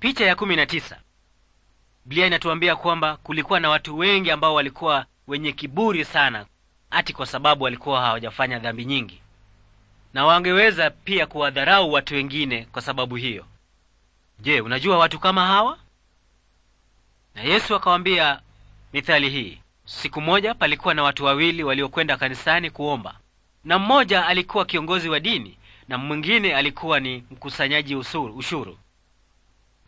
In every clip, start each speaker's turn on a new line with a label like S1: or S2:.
S1: Picha ya kumi na tisa. Biblia inatuambia kwamba kulikuwa na watu wengi ambao walikuwa wenye kiburi sana, ati kwa sababu walikuwa hawajafanya dhambi nyingi, na wangeweza pia kuwadharau watu wengine kwa sababu hiyo. Je, unajua watu kama hawa? Na Yesu akawaambia mithali hii: siku moja palikuwa na watu wawili waliokwenda kanisani kuomba, na mmoja alikuwa kiongozi wa dini na mwingine alikuwa ni mkusanyaji ushuru.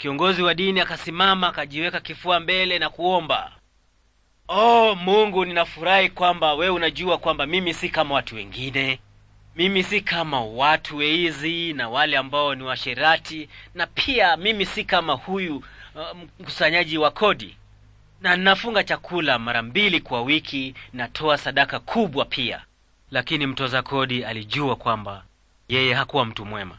S1: Kiongozi wa dini akasimama akajiweka kifua mbele na kuomba, oh Mungu, ninafurahi kwamba wewe unajua kwamba mimi si kama watu wengine, mimi si kama watu weizi na wale ambao ni washerati, na pia mimi si kama huyu uh, mkusanyaji wa kodi, na ninafunga chakula mara mbili kwa wiki, natoa sadaka kubwa pia. Lakini mtoza kodi alijua kwamba yeye hakuwa mtu mwema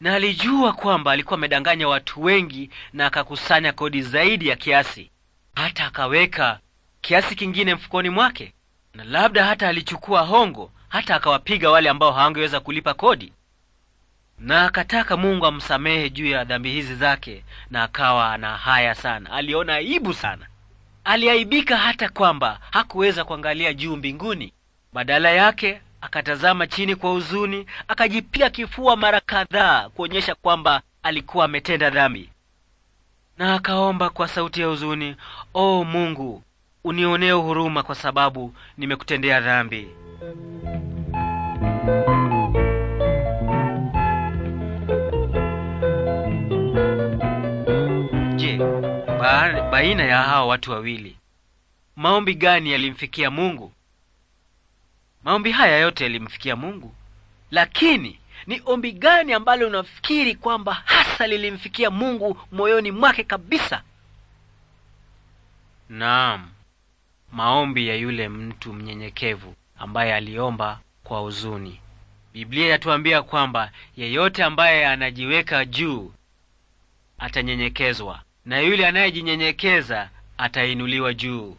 S1: na alijua kwamba alikuwa amedanganya watu wengi na akakusanya kodi zaidi ya kiasi, hata akaweka kiasi kingine mfukoni mwake, na labda hata alichukua hongo, hata akawapiga wale ambao hawangeweza kulipa kodi, na akataka Mungu amsamehe juu ya dhambi hizi zake, na akawa na haya sana. Aliona aibu sana, aliaibika hata kwamba hakuweza kuangalia juu mbinguni, badala yake Akatazama chini kwa huzuni, akajipiga kifua mara kadhaa kuonyesha kwamba alikuwa ametenda dhambi, na akaomba kwa sauti ya huzuni, O Mungu, unionee huruma, kwa sababu nimekutendea dhambi. Je, baina ya hawa watu wawili maombi gani yalimfikia Mungu? Maombi haya yote yalimfikia Mungu, lakini ni ombi gani ambalo unafikiri kwamba hasa lilimfikia Mungu moyoni mwake kabisa? Naam, maombi ya yule mtu mnyenyekevu ambaye aliomba kwa huzuni. Biblia yatuambia kwamba yeyote ambaye anajiweka juu atanyenyekezwa, na yule anayejinyenyekeza atainuliwa juu.